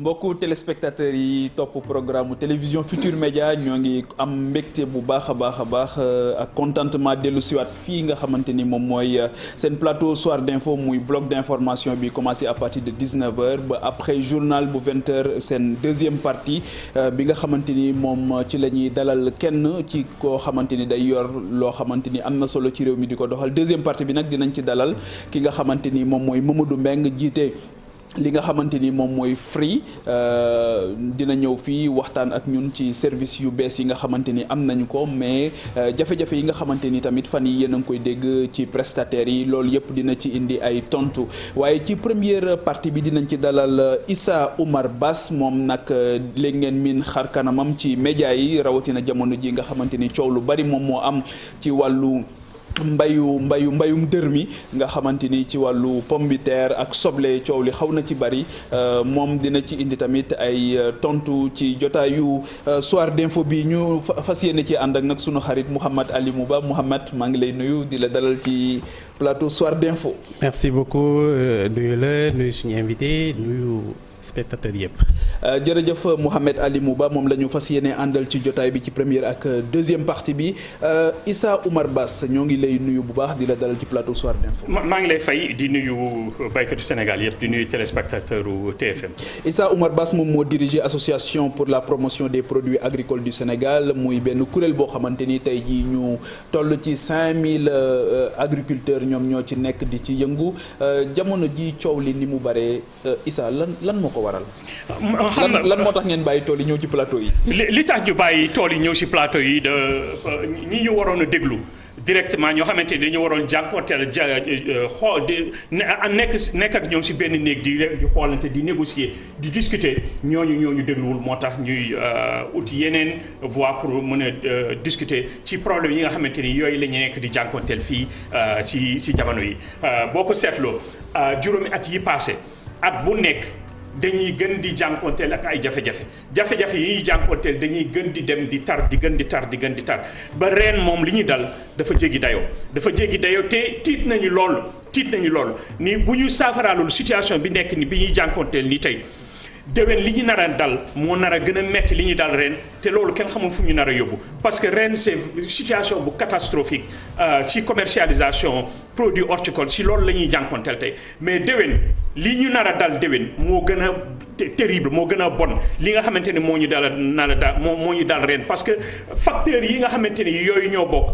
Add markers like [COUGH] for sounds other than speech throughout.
mbokk téléspectateurs yi topp programme télévision Futur Média ñoo ngi am mbégte bu baax a baax a baax euh, ak contentement dellu siwaat fii nga xamante ni moom mooy euh, seen plateau soir d'info muy bloc d'information bi commencé à partir de dix 19h ba après journal bu 20h seen deuxième partie euh, bi nga xamante ni moom ci la ñuy dalal kenn ci koo xamante ni day yor loo xamante ni am na solo ci réew mi di ko doxal deuxième partie bi nag dinañ ci dalal ki nga xamante ni moom mooy Mamadou Mbengue jiite. li nga xamante ni moom mooy Free euh, dina ñëw fii waxtaan ak ñun ci service yu bees yi nga xamante ni am nañu ko mais euh, jafe-jafe yi nga xamante ni tamit fan yi yéen a ngi koy dégg ci prestataires yi loolu yëpp dina ci indi ay tontu waaye ci première partie bi dinañ ci dalal euh, Issa Oumar Bass moom nag léegi ngeen miin xar kanamam ci média yi rawatina jamono ji nga xamante ni coow lu bari moom moo am ci wàllu. mbayu mbayu mbayum dër mi nga xamante ni ci wàllu pomme de terre ak soble coow li xaw na ci bari euh, moom dina ci indi tamit ay euh, tontu ci jotaayu euh, soir d'info bi ñu fas yéene ci ànd ak nag sunu xarit Mouhamad Ali Mouba Mouhamad maa ngi lay nuyu di la dalal ci plateau soir d'info. merci beaucoup nuyu la nuyu suñu invité nuyu. spectateur yëpp. Euh, jërëjëf Mouhamed Ali mu Mouba moom la ñu fas yéene àndal ci jotaay bi ci première ak deuxième partie bi euh, Issa Oumar Bass ñoo ngi lay nuyu bu baax di la dalal ci plateau Soir d'info. maa ngi lay fay di nuyu baykatu Sénégal yëpp di nuyu téléspectateur TFM. Issa umar Bass moom moo dirigé association pour la promotion des produits agricoles du Sénégal muy benn kuréel boo xamante ni tey jii ñu toll ci 5000 euh, agriculteurs ñoom ñoo ci nekk di ci yëngu jamono ji coow li ni mu bare Issa lan lan moo ah, lan moo tax ngeen bàyyi tool yi ñëw ci plateau yi. li tax ñu bàyyi tool yi ñëw ci plateau yi de euh, ñi ñu waroon a déglu. directement ñoo xamante ni dañu waroon jànkuwanteel ja euh, xool di nekk nekk ak ñoom si benn néeg di di xoolante di négocier di discuter ñooñu ñooñu dégluwul moo tax ñuy euh, ut yeneen voie pour mën a discuter ci problème yi nga xamante ni yooyu la nekk di jànkuwanteel fii si si jamono yi. boo ko seetloo juróomi at yi passé at bu nekk. dañuy gën di jànkoonteel ak ay jafe-jafe jafe-jafe yi jànkoonteel dañuy gën di dem di tar di gën di tar di gën di tar ba reen moom li ñu dal dafa jéggi dayoo dafa jéggi dayoo te tiit nañu lool tiit nañu lool ni bu ñu saafaraalul situation bi nekk ni bi ñuy jànkoonteel ni tey déwén li ñu nar dal moo nar a gën a metti li ñu dal ren te loolu kenn xamul fu ñu nar a yóbbu parce que ren c'est situation bu catastrophique euh, ci commercialisation produit horticole si loolu la ñuy jànkonteel tey mais déwén li ñu nar a dal déwén moo gën a terrible moo gën a bon li nga xamante ne moo ñu dal nar a dal moo moo ñu parce que facteurs yi nga xamante ne yooyu ñoo bokk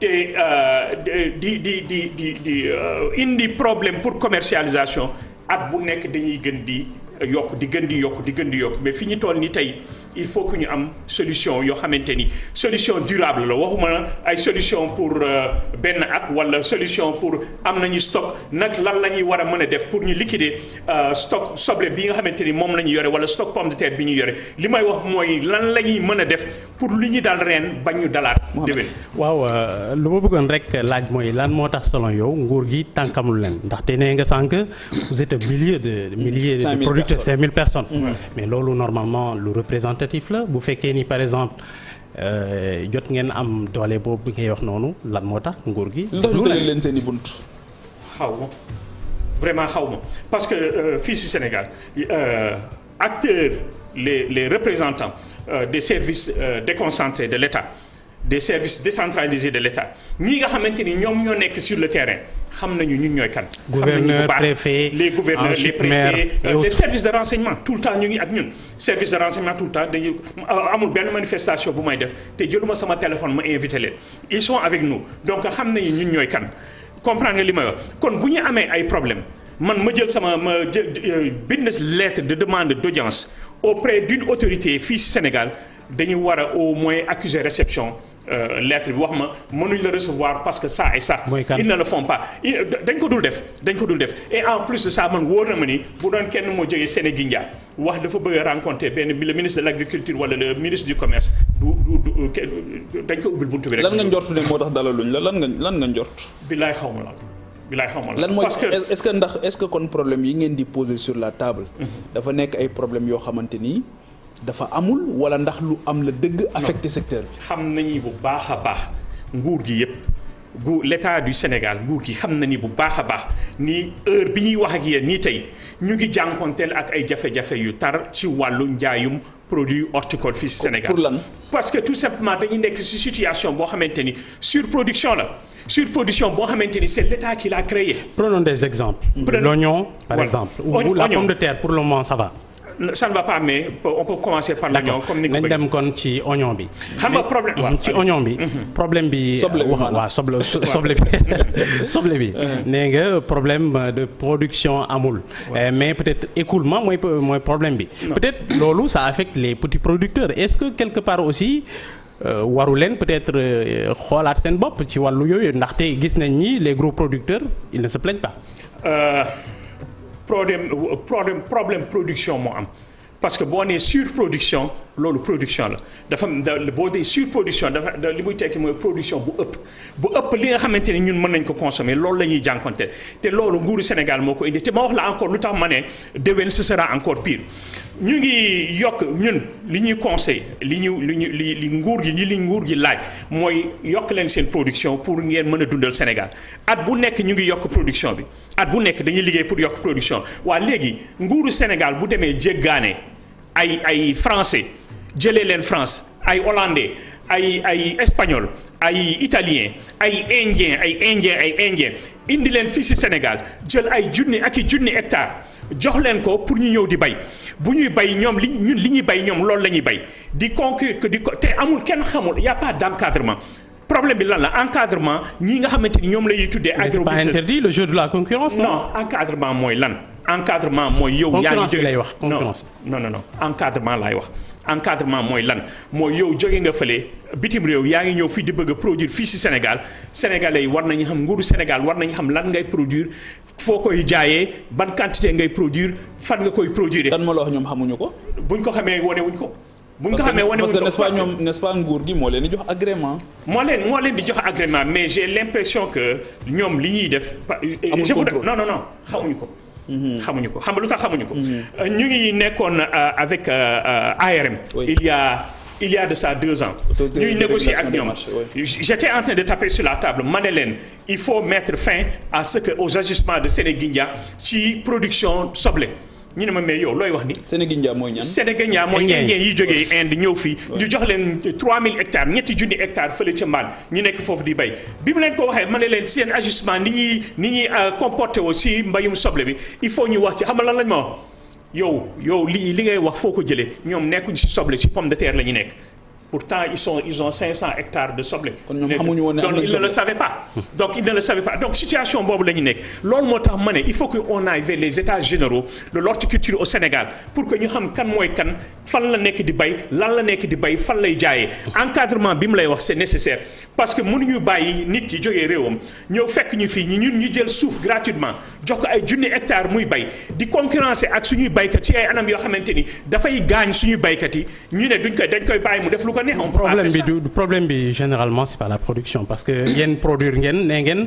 te euh, di di di di di euh, indi problème pour commercialisation at bu nekk dañuy gën di yokk di gën di yokk di gën yokk mais fi ñu toll ni tey il faut que ñu am solution yoo xamante ni solution durable la waxuma ay solution pour euh, benn at wala solution pour am nañu stock nag lan la ñuy war a mën a def pour ñu liquider euh, stock soble bi nga xamante ni moom la ñu yore wala stock pomme de terre bi ñu yore li may wax mooy lan la ñuy mën a def pour li ñu dal reen bañ ñu dalaat déwén. waaw euh, lu ma bëggoon rek laaj mooy lan moo tax solon yow nguur gi tànkamul leen ndaxte nee nga sànq vous êtes un millier quantitatif la bu fekkee nii par exemple euh, jot ngeen am doole boobu ngay wax noonu lan moo tax nguur gi. lu tëjee leen seen i bunt. xaw ma vraiment xaw ma parce que euh, fii si Sénégal euh, acteurs les les représentants des services déconcentrés de l'État des services décentralisés de l'État ñii nga xamante ni ñoom ñoo nekk sur le terrain xam nañu ñun ñooy kan. gouverneur préfet les gouverneurs les préfets les euh, services de renseignement tout le temps ñu ngi ak ñun. service de renseignement tout le temps dañuy euh, amul benn manifestation bu may def te jëluma sama téléphone ma invité leen ils sont avec nous donc xam nañu ñun ñooy kan comprendre nga li may wax kon bu ñu amee ay problème man ma jël sama ma jël euh, bind lettre de demande d'audience auprès d'une autorité fii Sénégal dañu war a au moins accuser réception. Euh, lettre bi wax ma mënuñ la recevoir parce que ça et ça. ils ne le font pas euh, dañ ko dul def dañ ko dul def et en plus de man wóor na ma ni bu doon kenn moo jógee Sénégindia wax dafa bëgg a benn bi le ministre de l' agriculture wala le ministre du commerce du du euh, dañ ko ubbil buntu bi rek. lan nga njort ne moo tax dalaluñ la lan nga lan nga njort. billaay xaw ma lan. bilaay xamal lan mooy est-ce que ndax est-ce que kon problème yi ngeen di poser sur la table. Mhm. dafa nekk ay problème yoo xamante ni. dafa amul wala ndax lu am la dëgg affecté secteur bi xam nañu bu baax a baax nguur gi yëpp gu l'état du Sénégal nguur gi xam na ni bu baax a baax ni heure bi ñuy wax ak yéen nii tey ñu ngi jànkonteel ak ay jafe-jafe yu tar ci wàllu njaayum produit horticole fii si Sénégal lan parce que tout simplement dañu nekk si situation boo xamante ni sur production la surproduction boo xamante ni c'est l'État qui l'a créé. prenons des exemples. l'oignon par exemple. ou la pomme de terre pour le moment ça ça ne va pas mais on peut commencer par comme ni nañ dem kon ci oignon bi. xam nga problème ci oignon bi. Mhm. problème bi waaw soble [LAUGHS] soble bi mhm. soble mhm. nee nga problème de production amul. Eh, mais peut-être écoulement mooy mooy problème bi. peut-être loolu ça affecte les petits producteurs est-ce que quelque part aussi. Euh, waru leen peut-être euh, xoolaat seen bopp ci wàllu yooyu ndaxte gis nañ ni les gros producteurs ils ne se plaignent pas. Euh, problème problème problème production moo am parce que boo nee surproduction loolu production la dafa da boo dee surproduction dafa li muy tekki mooy production bu ëpp bu ëpp li nga xamante ne ñun mën nañ ko consommer loolu la ñuy jànkonte te loolu nguuru Sénégal moo ko indi te ma wax la encore lu tax ma ne déwén ce sera encore piir ñu ngi yokk ñun li ñuy conseil li ñu li ñu li li nguur gi li li nguur gi laaj mooy yokk leen seen production pour ngeen mën a dundal Sénégal at bu nekk ñu ngi yokk production bi at bu nekk dañuy liggéey pour yokk production waa léegi nguuru Sénégal bu demee jéggaane ay ay français jëlee leen France ay hollandais ay ay espagnol ay italien ay indien ay indien ay indien indi leen fii si Sénégal jël ay junni ak i junni hectares jox leen ko pour ñu ñëw di bay bu ñuy bay ñoom li ñun li ñuy bay ñoom loolu la ñuy bay di conclure di te amul kenn xamul y' a pas d' problème bi lan la encadrement ñi nga xamante ni ñoom la ñuy tuddee. agro business mais c'est pas interdit le jeu de encadrement mooy lan. encadrement mooy yow. yaa ngi jóge lay wax concurrence non non non encadrement laay wax. encadrement mooy lan mooy yow jóge nga fële réew yaa ngi ñëw fii di bëgg a fii si Sénégal sénégalais yi war nañu xam nguuru Sénégal war nañu xam lan ngay produire foo koy jaayee ban quantité ngay produire fan nga koy produire. kan ma la wax ñoom xamuñu ko. buñ ko xamee wane wuñ ko. bu ñu ko xamee wane wuñ ko parce que n'est-ce moo leen di jox agrément. moo leen moo leen di mais j'ai l'impression que ñoom li ñuy def. amul contrôle je non non non xamuñu ko. Mm-hmm. xamuñu ko xam nga lu tax xamuñu ko. Mm-hmm. Euh, ñu ngi nekkoon euh, avec euh, ARM. il y a il y de sa deux ans. ñuy négocier ak ñoom j'étais en train de taper sur la table ma leen il faut mettre fin à ce que aux ajustements de Sénégindia ci production soblé ñu ne ma mais yow looy wax ni. Sénégindia mooy ñan Sénégindia mooy indien yi jógee Inde ñëw fii. di jox leen 3000 hectare ñetti junni hectares fële ca Mbaan ñu nekk foofu di bay bi mu leen ko waxee ma ne leen seen ajustement ni ñuy ni ñuy euh, comporté woo si mbayum soble bi il faut ñu wax ci xam nga lan lañ ma wax yow yow li li ngay wax foo ko jëlee ñoom nekkuñ si soble si pomme de terre la ñu nekk. pourtant ils sont ils ont 500 hectares de soble. kon ñoom xamuñu donc situation boobu la ñu nekk loolu moo tax ma ne il faut que on aille vers les états généraux de l'horticulture au Sénégal pour que ñu xam kan mooy kan fan la nekk di bay lan la nekk di bay fan lay jaayee encadrement bi mu lay wax c'est nécessaire parce que mun mënuñu bàyyi nit ki jógee réewam ñëw fekk ñu fii ñun ñu jël suuf gratuitement jox ko ay junni hectare muy bay di concurrencer ak suñuy baykat ci ay anam yoo xamante ni dafay gaañ ñu ne duñ koy ko neex on ah, ah, problème bi du problème bi généralement c'est pas la production parce que [COUGHS] yéen produire ngeen nee ngeen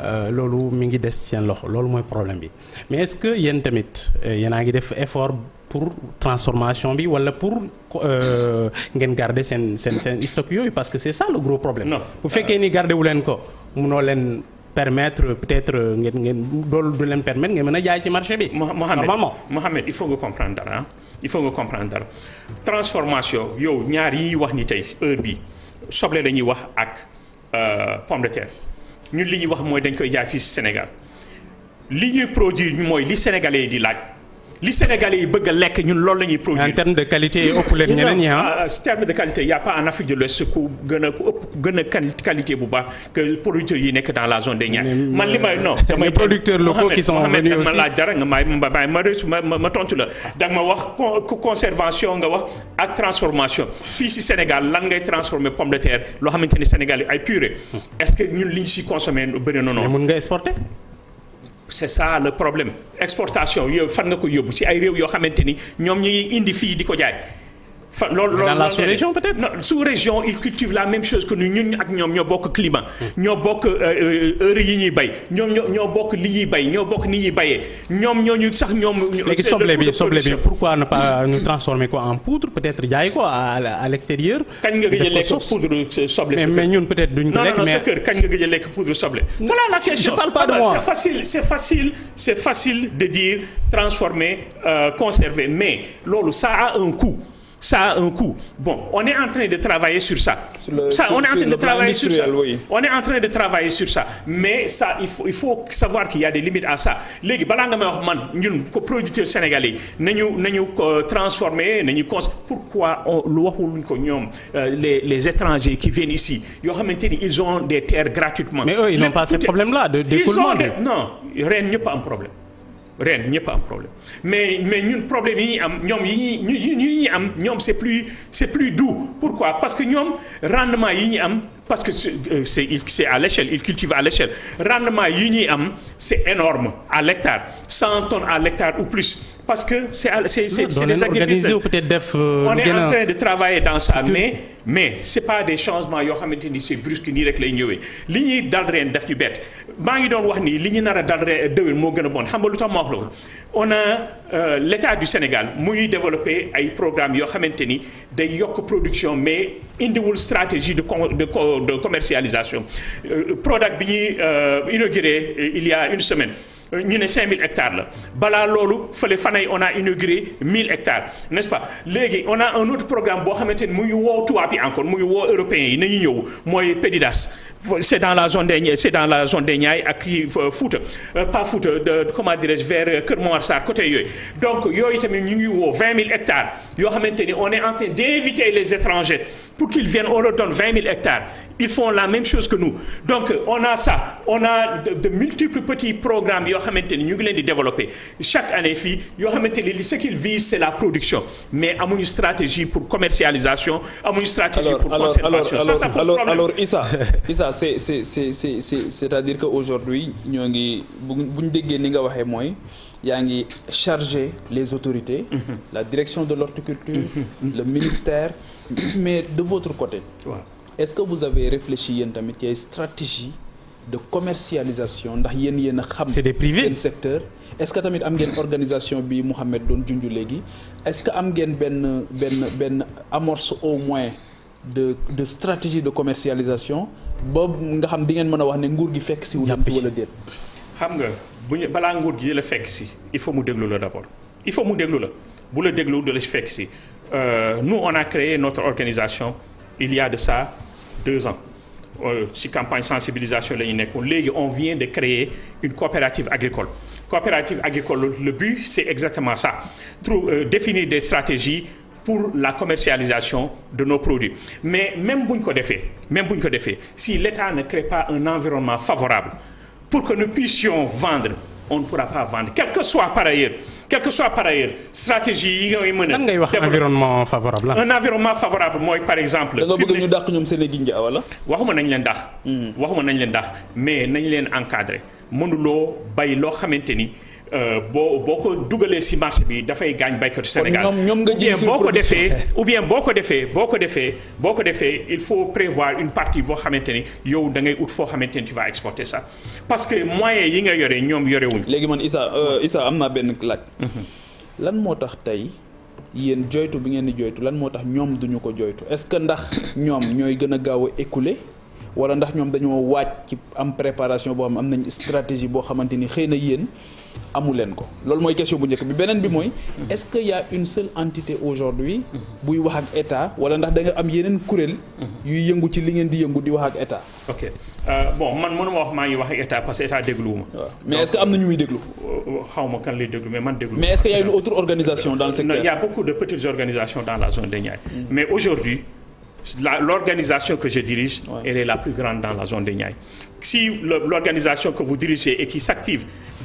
euh, loolu mi ngi des seen loxo loolu mooy problème bi mais est-ce que yéen tamit euh, yéen a ngi def effort pour transformation bi wala pour euh, ngeen garder seen seen seen stock yooyu parce que c'est ça le gros problème. non bu fekkee ni garder wu leen ko munoo leen. permettre peut-être ngeen ngeen dool du leen permettre ngeen mën a jaay ci marché bi. normalement Mohamed il faut nga comprendre dara il faut nga comprendre dara transformation yow ñaar yi wax ni tey heure bi soble la ñuy wax ak euh, pomme de terre ñun li ñuy wax mooy dañ koy jaay fii Sénégal li ñuy produire mooy li sénégalais yi di laaj. li sénégal yi bëgg lekk ñun loolu la ñuy produire. en terme de qualité ëpp leen ñeneen ñi ah. Ah, ah. terme de qualité y' pas en Afrique de l'Ouest ku gën ku ëpp gën a qualité bu baax que producteurs yi nekk dans la zone des Niayes. man li may non damay producteurs locaux qui sont ma laaj dara nga may ma ma ma tontu la da nga ma conservation nga wax ak transformation fii si Sénégal lan ngay transformer pomme de terre loo xamante ni Sénégal yi ay purée est-ce que ñun nga exporter. c'est ça le problème exportation yooyu fan nga koy yóbbu ci ay réew yoo xamante ni ñoom ñu indi fii di ko jaay fa loolu loolu la sous-région peut-être. non sous-région ils cultivent la même chose que nous ñun ak ñoom ñoo bokk climat. Hmm. ñoo bokk euh, euh, heure yi ñuy bay ñoom ñoo ñoo bokk li ñuy bay ñoo bokk ni bayee ñoom ñooñu sax ñoom. léegi soble bi soble bi pourquoi ne pas nous transformer ko en poudre peut-être jaay ko à à l'extérieur. kañ nga gëj a lekk poudre soble. mais ñun peut-être du ko lekk mais non non sa kër kañ nga gëj a lekk poudre soble. voilà la question je parle pas ah de moi c'est facile c'est facile c'est facile de dire transformer euh, conserver mais loolu ça a un coût. ça a un coût. Bon, on est en train de travailler sur ça. Sur le, ça sur, on est en train de travailler sur ça. Oui. On est en train de travailler sur ça. Mais ça, il faut, il faut savoir qu'il y a des limites à ça. léegi balaa nga may wax man ñun ko producteurs sénégalais yi nañu nañu euh, transformer nañu cons pourquoi on waxuñu ko ñoom euh, les les étrangers qui viennent ici yoo xamante ni ils ont des terres gratuitement. mais eux, ils n'ont pas ce problème-là de d'écoulement. ils ont des non ren ñëpp am problème. ren ñëpp am problème mais mais ñun problème yi ñuy am ñoom yi ñuy yi am ñoom c'est plus c'est plus doux pourquoi parce que ñoom rendement yi ñuy am parce que c'est euh, c'est à l'échelle il cultive à l'échelle rendement yi ñuy am c'est énorme à l'hectare 100 tonnes à l'hectare ou plus parce que c'est c'est c'est des activistes peut-être def euh, de travailler dans ça mais mais c'est pas des changements yoo xamante ni c'est brusque nii rek lay ñëwee li ñuy dal reen daf ñu bett maa ngi doon wax ni li ñu nar a dal reen euh, déwén moo gën a bon xam nga lu tax ma wax la on a euh, l'État du Sénégal mu ngi développé ay programmes yoo xamante ni day yokk production mais indiwul stratégie de de commercialisation Prodac bi ñuy inauguré il y a une semaine ñu ne 5000 hectares la balaa loolu fële fanay on a inauguré 1000 hectares nest on a un autre programme boo xamante ni mu ngi woo tubaab yi encore woo européens yi nañu ñëw mooy PEDIDAS c'est dans la zone de c'est dans la zone des Niayes ak kii euh, Fouta euh, pas Fouta comment dirais vers euh, Kër Momar Sarr côté yooyu donc yooyu tamit ñu ngi woo 20 000 hectares yoo xamante ni on est en train d'inviter les étrangers pour qu'ils viennent on leur hectares il font la même chose que nous donc on a ça on de, multiples petits programmes yoo xamante ni ñu ngi leen di développer chaque année fii yoo xamante ni li ce qu'ils visent c'est la production mais amuñu stratégie pour commercialisation amuñu stratégie alors, pour alors, ça ça pose problème alors Issa Issa c'est c'est c'est c'est c'est c'est-à-dire que aujourd'hui ñoo ngi bu ñu déggee ni nga waxee mooy yaa ngi chargé les autorités mhm. la direction de l'horticulture mm -hmm. le ministère mais de votre côté ouais. est-ce que vous avez réfléchi yéen tamit ci ay stratégie de commercialisation ndax yéen yéen xam c'est des privés seen secteur est-ce que tamit am ngeen organisation bi Mouhamed doon junj léegi est-ce que am ngeen benn benn benn amorce au moins de de stratégie de commercialisation ba nga xam di ngeen mën a wax ne nguur gi fekk si wu leen wala déet xam nga bu ñu balaa nguur gi la fekk si il faut mu déglu la d'abord il faut mu déglu la bu la déglu da la fekk si euh, nous on a créé notre organisation il y a de ça deux ans ci euh, campagne sensibilisation la ñu nekkoon léegi on vient de créer une coopérative agricole coopérative agricole le but c'est exactement ça trouver euh, définir des stratégies pour la commercialisation de nos produits mais même bu ñu ko defee même bu ñu ko defee si l'État ne crée pas un environnement favorable pour que nous puissions vendre on ne pourra pas vendre quel que soit par ailleurs quel que soit par ailleurs stratégie yi ngay mën a. ngay wax environnement favorable un environnement favorable mooy par exemple. da nga bëgg ñu dàq ñoom Sénégal Ndiaye wala. waxuma nañ leen dàq. Hmm. waxuma nañ leen dàq mais nañ leen encadré mënuloo bay loo xamante ni. Euh, boo boo ko dugalee si marché bi dafay gaañ baykatu Sénégal ñoom nga jël boo ko defee ou bien boo ko defee boo ko defee boo ko defee il faut prévoir une partie boo xamante ni yow da ngay ut foo xamante ni ti vas exporter ça parce que moyens yi nga yore ñoom yorewuñ léegi man Issa euh, Issa am naa benn laaj mhm. lan moo tax tey yéen joytu bi ngeen di jooytu lan moo tax ñoom duñu ko jooytu est-ce que ndax ñoom ñooy gën a gaaw a écouler wala ndax ñoom dañoo waaj ci am préparation boo xam am nañ stratégie boo xamante ni xëy na yéen amu leen ko loolu mooy question bu njëkk bi beneen bi mooy est-ce que y a une seule entité aujourd'hui buy wax ak état wala ndax danga am yeneen kuréel yuy yëngu ci li ngeen di yëngu di wax ak état ok euh, bon man mënuma wax maa ngi wax ak état parce que état dégluwuma mais est-ce que am na ñu muy déglu euh, euh, xaw kan lay déglu mais man déglu mais est-ce que y a une autre organisation dans le secteur il y a beaucoup de petites organisations dans la zone de Niayes mais aujourd'hui la plus dans la zone de Niayes si l'organisation que vous dirigez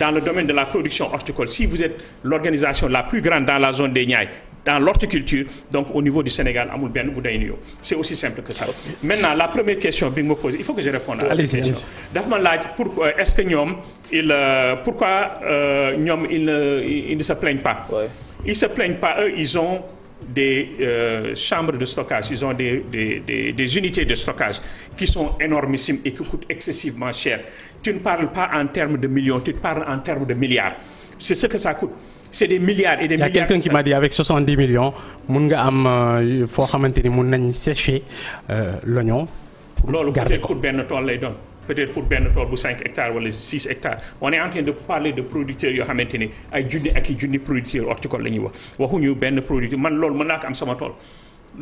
dans le domaine de la production horticole, si vous êtes l'organisation la plus grande dans la zone des Niayes, dans l'horticulture donc au niveau du Sénégal amul benn bu day c'est aussi simple que ça maintenant la première question bi nga ma il faut que je réponde à cette question daf laaj pour euh, est-ce que ñoom euh, euh, il ne se plaignent pas ouais. ils se plaignent pas eux des euh, chambres de stockage, ils ont des, des, des, des, unités de stockage qui sont énormissimes et qui coûtent excessivement cher. Tu ne parles pas en termes de millions, tu parles en termes de milliards. C'est ce que ça coûte. C'est des milliards et des milliards. quelqu'un qui m'a dit avec millions, mun nga am euh, foo xamante ni mun nañ sécher euh, l'oignon. loolu ku benn tool lay doon. peut-être pour benn tool bu 5 hectares wala 6 hectares on est en train de parler de producteurs yoo xamante ne ay junni ak i junni producteurs horticole la ñuy wax waxuñu benn producteur man loolu mën naa ko am sama tool.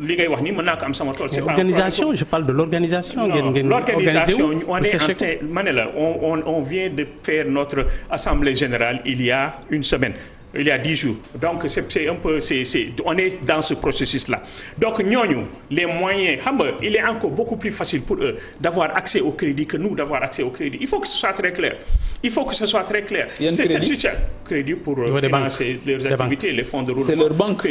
li ngay wax nii mën naa ko am sama tool. c'est organisation je parle de l'organisation. ngeen ngeen l'organisation on est en train ma ne la on on on vient de faire notre assemblée générale il y a une semaine. il y a dix jours donc c' est un peu c' est c' est dans ce processus là donc ñooñu les moyens xam nga il est encore beaucoup plus facile pour eux d' accès au crédit que nous d' accès au crédit il faut que ce soit très clair il c' est cette situation crédit pour. Euh, financer leurs activités les fonds de roulement c'est leur banque.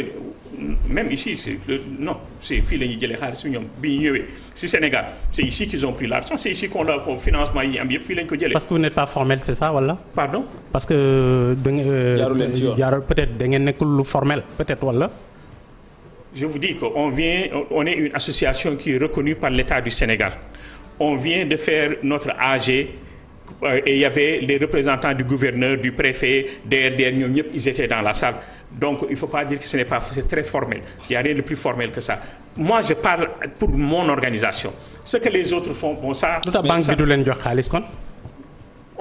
même ici c'est non c'est fii la ñuy jëlee xaalis bi ñoom bi ñu ñëwee si Sénégal c'est ici qu'ils ont pris l'argent c'est ici qu'on a financement yi am yëpp fii la ko jëlee. parce que vous n'êtes pas formel c'est ça wala. pardon parce que. Euh, da ngeen euh, jaarul peut-être da ngeen nekkul lu formel peut-être wala. je vous dis que on vient on est une association qui est reconnue par l'État du Sénégal on vient de faire notre AG. Euh, et il y avait les représentants du gouverneur du préfet DRDR ñoom ñëpp ils dans la salle Donc il ne faut pas dire que ce n'est pas, c'est très formel. Il a rien de plus formel que ça. Moi, je parle pour mon organisation. Ce que les autres font, bon, ça. lu tax banque du leen jox xaalis kon.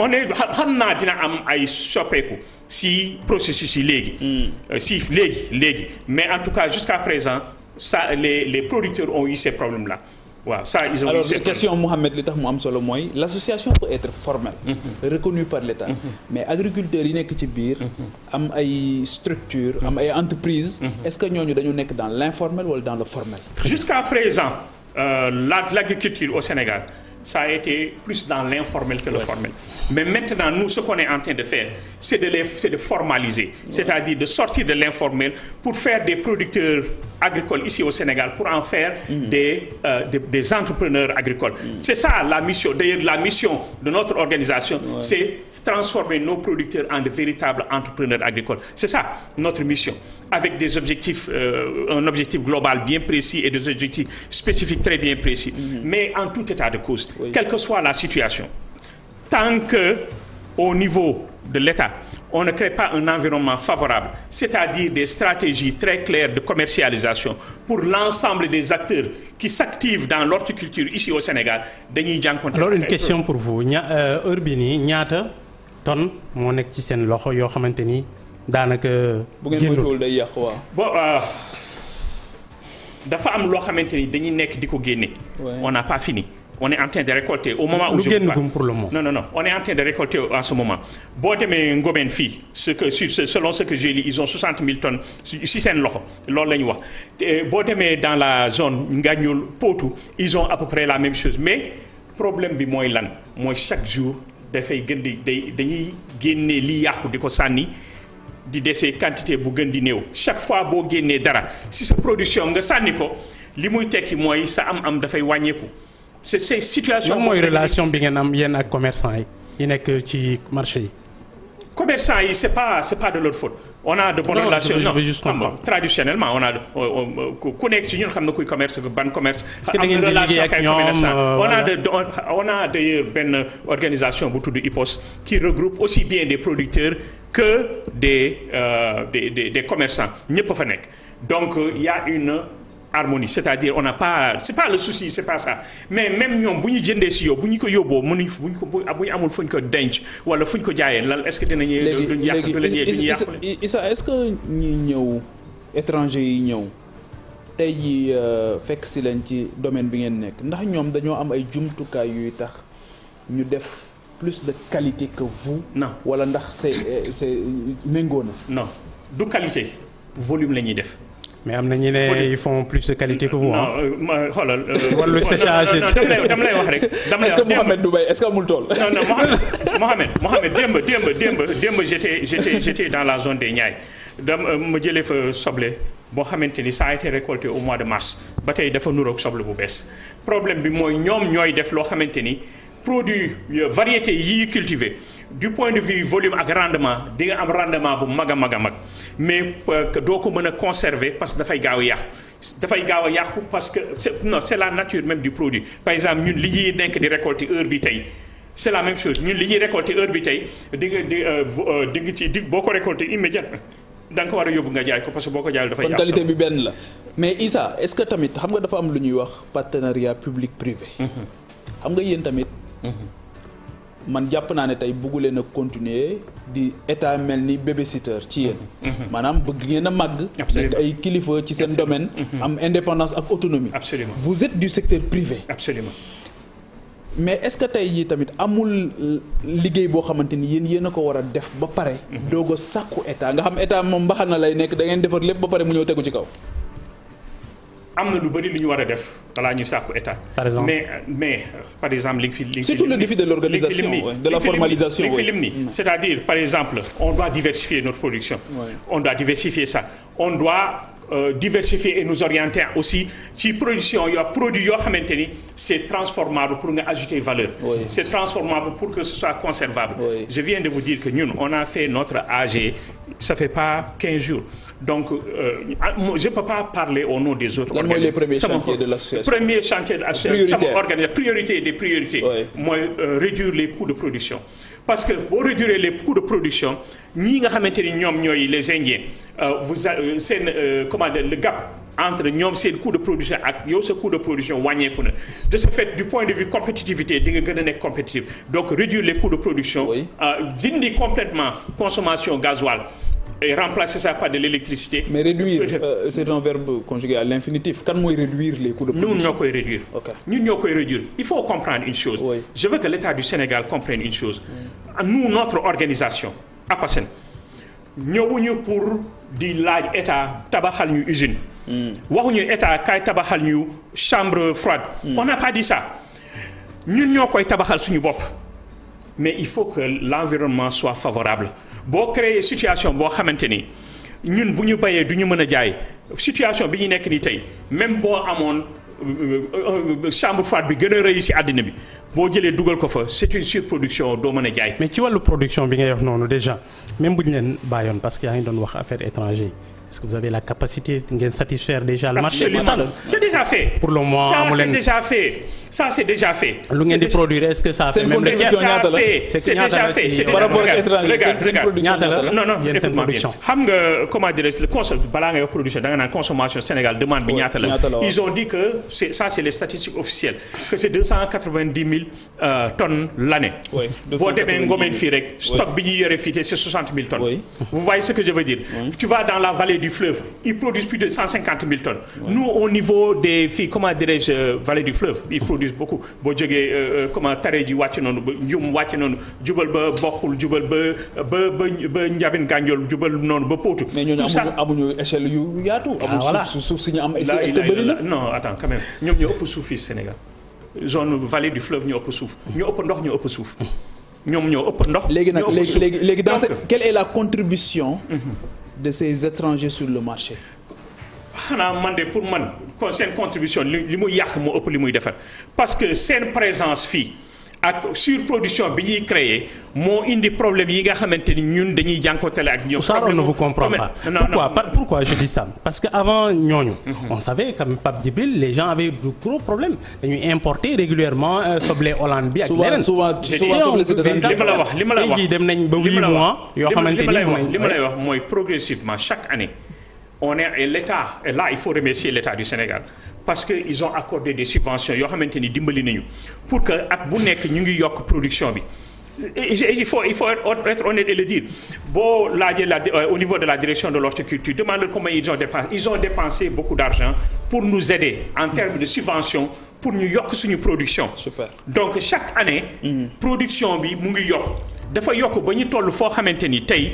on est xam naa dina am ay soppeeku si processus yi léegi. Hmm. Euh, si léegi léegi mais en tout cas jusqu'à présent ça les les producteurs ont eu ces problèmes là. waaw ça ils ont alors question Mouhamed li tax mu am solo mooy l' association peut être formelle. Mm-hmm. reconnue par l' état. Mm-hmm. mais agriculteurs yi nekk ci biir. Mm-hmm. am ay structures am ay entreprise est ce que ñooñu dañu nekk dans l' informel wala dans le formel. jusqu'à présent euh, l'agriculture au Sénégal. ça a été plus dans l'informel que le formel. Mais maintenant, nous, ce qu'on est en train de faire, c'est de, les, formaliser, c'est-à-dire de sortir de l'informel pour faire des producteurs agricoles ici au Sénégal, pour en faire mm. des, euh, des, des, entrepreneurs agricoles. Mm. C'est ça la mission. D'ailleurs, la mission de notre organisation, c'est transformer nos producteurs en de véritables entrepreneurs agricoles. C'est ça notre mission. avec des objectifs, euh, un objectif global bien précis et des objectifs spécifiques très bien précis. Mhm. Mais en tout état de cause, oui. quelle que soit la situation, tant que au niveau de l'État, on ne crée pas un environnement favorable, c'est-à-dire des stratégies très claires de commercialisation pour l'ensemble des acteurs qui s'activent dans l'horticulture ici au Sénégal dañuy jànkuwante. alors une question pour vous ña heure bi nii ñaata tonnes moo nekk ci seen loxo yoo xamante ni daanaka. bu ngeen moytuwul day yàq waaw. bon euh, dafa am loo xamante ni dañuy nekk di ko génne. on n'a pas fini. on est en train récolter au moment où je vous parle pour le moment. non non on est en récolter en moment boo demee Ngoben fii ce que sur selon ce que j'ai lu ils on 60 si seen loxo loolu la ñu wax boo demee dans la zone Ngañul Potou ils ont à peu la même chose mais problème bi mooy lan mooy chaque jour dafay gën di day dañuy génne li yàqu di ko sànni. di desee quantité bu gën di néew chaque fois boo génnee dara si sa production nga sànni ko li muy tekki mooy sa am-am dafay wàññeeku. c'est ces situations. lan mooy relation bi ngeen am yéen ak commerçant yi. yi nekk ci marché yi. commerçant yi c'est pas c'est pas de leur on a de bonnes relations non traditionnellement on a euh, euh, euh, ku nekk ci ñun xam na koy commerce ban commerce. est-ce que da ngeen on a de on a d'ailleurs benn organisation bu tudd IPOS qui regroupe aussi bien des producteurs que des des des ñëpp a fa nekk donc il une. harmonie c'est-à-dire on n'a pas c'est pas le souci c'est pas mais même ñoom bu ñu jëndee si yow bu ñu ko yóbboo mënuñ bu ñu ko ah, bu ñu amul fu ñu ko denc wala fu ñu ko jaayee lan est-ce que dinañu. duñ yàq duñ yàq Issa est que ñi ñëw étranger yi ñëw tey jii euh, fekk si leen ci domaine bi ngeen nekk ndax ñoom dañoo am ay jumtukaay yuy tax ñu def plus de qualité que vous. non wala ndax se c'est euh, euh, méngoo na. non du qualité volume la ñuy def. mais am na ñu ne ils font plus de qualité que vous. non euh, ma xoolal. Euh, [LAUGHS] wàllu séchage. dama lay wax rek. dama lay wax est-ce que Mouhamed Dubaï est-ce que amul dans la zone des Niayes dama euh, ma jëlee fa soble. boo xamante ni ça récolter au mois de mars ba tey dafa nurook soble bu bees problème bi mooy ñoom ñooy def loo xamante ni produit variété yii cultivé du point de vie volume ak rendement di am rendement bu mag a mag a mag mais euh, doo ko mën a conserver parce que dafay gaaw a yàqu dafay gaaw a yàqu parce que c'est, non c'est la nature même du produit par exemple ñun li ñuy nekk di récolter heure bi tey c'est la même chose ñun li ñuy récolter heure bi tey di nga di euh, euh, di di boo ko récolter immédiatement da nga ko war a yóbbu nga jaay ko parce que boo ko jaayul dafay yàqu qualité bi benn la mais Issa est-ce que tamit xam nga dafa am lu ñuy wax partenariat public privé mm-hmm. xam nga yéen tamit mm-hmm. man jàpp naa ne tey bugg leen a continuer di état mel ni babysitter ci yéen. Mhm. maanaam bëgg ngeen a màgg. nekk ay kilifa ci seen domaine. Mhm. am indépendance ak autonomie. Absolument. vous êtes du secteur privé. Absolument. mais est-ce que tey jii tamit amul liggéey boo xamante ni yéen yéen a ko war a def ba pare. Mhm. doog a sàkku état nga xam état moom mbaxal na lay nekk da ngeen defar lépp ba pare mu ñëw tegu ci kaw. am na lu bëri lu ñu war a def balaa ñu sàkku état. mais par exemple li nga fi c'est-à-dire par exemple on doit diversifier notre production. on doit diversifier ça on doit. Euh, diversifier et nous orienter aussi ci production yoo produit yoo xamante ni c'est transformable pour nga ajouter valeur oui. c'est transformable pour que ce soit conservable oui. je viens de vous dire que ñun on a fait notre AG ça fait pas 15 jours donc euh, ah, je peux pas parler au nom des autres. lan mooy les premiers chantiers de l'association premier chantier de l'association sama priorité des euh, réduire les coûts de production. parce que boo réduire les coûts de production ñii nga xamante ni ñoom ñooy les Indiens euh, vous seen comment dire le gap. entre ñoom seen coût de production ak yow sa coût de production wàññeeku na de ce fait du point de vue compétitivité di nga nekk compétitif donc réduire les coûts de production dindi euh, complètement consommation gasoil remplacer ça par de l'électricité mais réduire euh, c'est un verbe conjugué à l'infinitif kan mooy réduire les coûts de production ñun ñoo koy réduire il faut comprendre une chose je veux que l'État du Sénégal comprenne une chose di laaj état tabaxal ñu usine. Hmm. waxuñu état kay tabaxal ñu chambre froide. Hmm. on n'a pas dit ñun ñoo koy tabaxal suñu bopp. mais il faut que l'environnement soit favorable boo créer situation boo xamante ni ñun bu ñu bayee du ñu mën a jaay situation bi ñu nekk nii tey même boo amoon. Euh, euh, chambre froide bi gën a rëy ci àddina bi boo jëlee dugal ko fa c'est une surproduction doo mën a jaay. mais ci wàllu production bi nga wax noonu déjà même bu ñu leen bàyyoon parce que yaa ngi doon wax affaire étranger yi est-ce que vous avez la capacité ngeen satisfaire déjà le marché. c'est déjà fait. pour le moment amu c'est déjà fait. ça déjà fait. lu ngeen di produire est ce que ça. fait même c' déjà fait c' déjà fait c' est déjà fait ñaata la non non effectivement nga comment dirais-je consommation Sénégal demande bi ñaata la. ils ont dit que c' est les statistiques officielles que c' euh, tonnes l' année. boo demee Ngomeen rek. stock bi ñuy yore fii te c' tonnes. vous voyez ce que je veux dire. tu vas dans la vallée du fleuve ils produisent plus de tonnes. nous au niveau disent beaucoup boo jógee euh, euh, comment tare ji wàcc noonu ba njum wàcc noonu jubal ba boxul jubal ba ba ba ba njabin gànjool jubal noonu ba póotu mais ñoo ñooñu amuñu échelle yu yaatu ah, amul suuf suuf si ñu am est-ce que bëri na non attends quand même ñoom ñoo ëpp suuf fii Sénégal zone vallée du fleuve ñoo ëpp suuf ñoo ëpp ndox ñu ëpp suuf ñoom ñoo ëpp ndox léegi nag léegi léegi dans quelle est la contribution mhm. de ces étrangers sur le marché xanaa man de pour man seen contribution li li muy yàq moo ëpp li muy defar parce que seen présence fii ak surproduction bi ñuy créer moo indi problème yi nga xamante ni ñun dañuy jànkontale ak ñoom. problème ne vous comprend pas pourquoi pourquoi je dis ça parce que avant ñooñu. Mhm. on savait que Pape Djibril les gens avaient de gros problèmes dañuy importer régulièrement euh, soble Hollande bi ak leneen. souvent souvent soble wax li ma la wax dem nañ ba huit mois. yoo xamante ni li ma lay wax mooy progressivement chaque année. on est l'État et là il faut remercier l'État du Sénégal parce que ils ont accordé des subventions yoo xamante ni dimbali nañu pour que at bu nekk ñu ngi yokk production bi il faut il faut être honnête et le dire boo laajee la euh, au niveau de la direction de l'horticulture demande comment ils ont dépensé ils ont dépensé beaucoup d'argent pour nous aider en termes de subventions pour ñu yokk suñu production. Super. donc chaque année. Mm-hmm. production bi mu ngi yokk dafa yokk ba ñu toll foo xamante ni tey.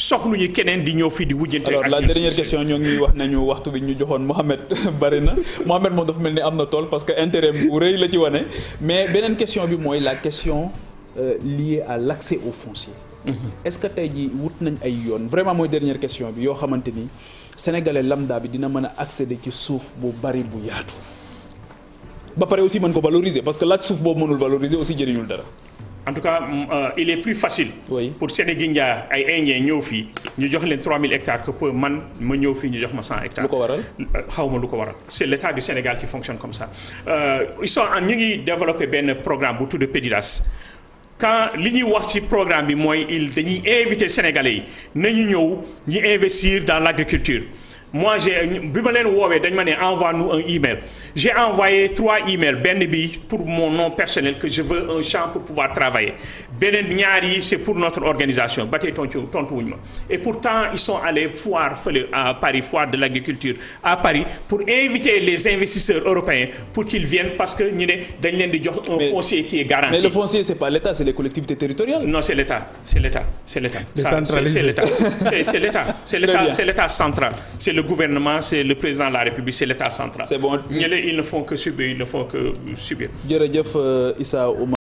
soxluñu keneen di ñëw fii di wujjante alors la dernière question ñoo ngi wax nañu waxtu bi ñu joxoon Mohamed [LAUGHS] bari na Mohamed moom dafa mel ni am na tool parce que intérêt bu rëy la ci wane mais beneen question bi mooy la question euh, liée à l'accès au foncier mhm. est-ce que tey jii wut nañ ay yoon vraiment mooy dernière question bi yoo xamante ni sénégalais lambda bi dina mën a de ci suuf bu bari bu yaatu ba pare aussi mën ko valoriser parce laaj suuf boobu mënul valoriser aussi jëriñul dara en tout cas euh, il est plus facile. Oui. pour Sénégindia ay Indien ñëw fii ñu jox leen 3000 hectares que peu man ma ñëw fii ñu jox ma 100 hectares. lu ko waral euh, xaw ma lu ko waral. c' est l' état du Sénégal qui fonctionne comme ça euh, ils sont en ñu ngi développé benn programme bu tudd PEDIDAS. quand li ñuy wax ci programme bi mooy il dañuy invité sénégalais yi nañu ñëw ñu investir dans l' agriculture. moi j'ai bi ma leen woowee dañ ma ne envoie nous un email j'ai envoyé trois emails benn bi pour mon nom personnel que je veux un champ pour pouvoir travailler beneen ñaar yi c'est pour notre organisation ba tey tontu tontu wuñu ma et pourtant ils sont allés foire fële à Paris foire de l'agriculture à Paris pour inviter les investisseurs européens pour qu'ils viennent parce que ñu ne dañ leen di jox un foncier qui est garanti mais le foncier c'est pas l'État c'est les collectivités territoriales non c'est l'État c'est l'État c'est l'État [LAUGHS] c'est l'État c'est l'État c'est l'État c'est l'État central c'est le gouvernement c'est le président de la République c'est l'état central. C'est bon ñële ils ne font que subir ils ne font que subir. jërëjëf euh, Issa